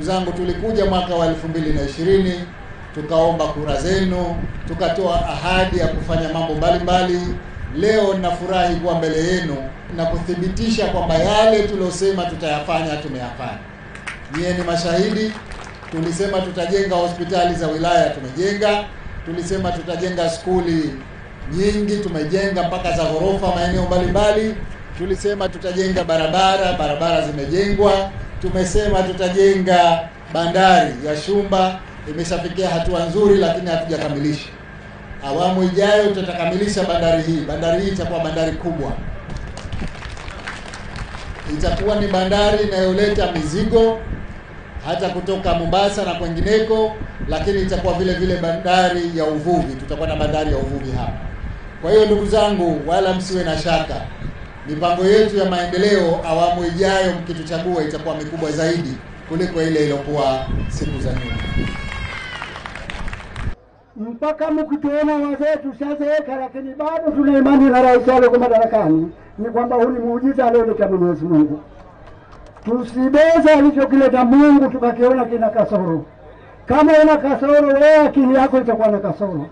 Ndugu zangu, tulikuja mwaka wa elfu mbili na ishirini tukaomba kura zenu, tukatoa ahadi ya kufanya mambo mbalimbali. Leo nafurahi kuwa mbele yenu na kuthibitisha kwamba yale tuliosema tutayafanya tumeyafanya. Nyie ni mashahidi. Tulisema tutajenga hospitali za wilaya, tumejenga. Tulisema tutajenga skuli nyingi, tumejenga mpaka za ghorofa maeneo mbalimbali. Tulisema tutajenga barabara, barabara zimejengwa tumesema tutajenga bandari ya Shumba, imeshafikia hatua nzuri, lakini hatujakamilisha. Awamu ijayo tutakamilisha bandari hii. Bandari hii itakuwa bandari kubwa, itakuwa ni bandari inayoleta mizigo hata kutoka Mombasa na kwengineko, lakini itakuwa vile vile bandari ya uvuvi. Tutakuwa na bandari ya uvuvi hapa. Kwa hiyo ndugu zangu, wala msiwe na shaka mipango yetu ya maendeleo awamu ijayo mkituchagua itakuwa mikubwa zaidi kuliko ile iliyokuwa siku za nyuma. Mpaka mkituona wazee tushazeeka, lakini bado tuna imani na rais aliyoko madarakani, ni kwamba huu ni muujiza alioleta Mwenyezi Mungu. Tusibeze alichokileta Mungu tukakiona kina kasoro. Kama una kasoro wewe, akili yako itakuwa na kasoro.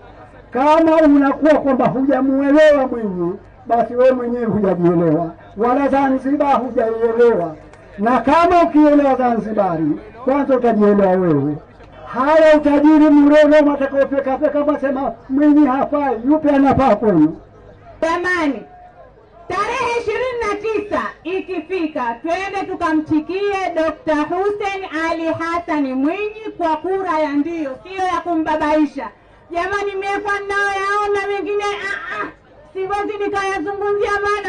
Kama unakuwa kwamba hujamuelewa Mwinyi basi wewe mwenyewe hujajielewa, wala Zanzibar hujaielewa. Na kama ukielewa Zanzibari, kwanza utajielewa wewe. Haya utajiri mroro atakaopekapeka masema Mwinyi hafai, yupi anafaa kwenu? Jamani, tarehe ishirini na tisa ikifika, twende tukamchikie Dr. Hussein Ali Hassan Mwinyi kwa kura ya ndio, siyo ya kumbabaisha. Jamani, mmefanya nao Hazine kayasının yaman.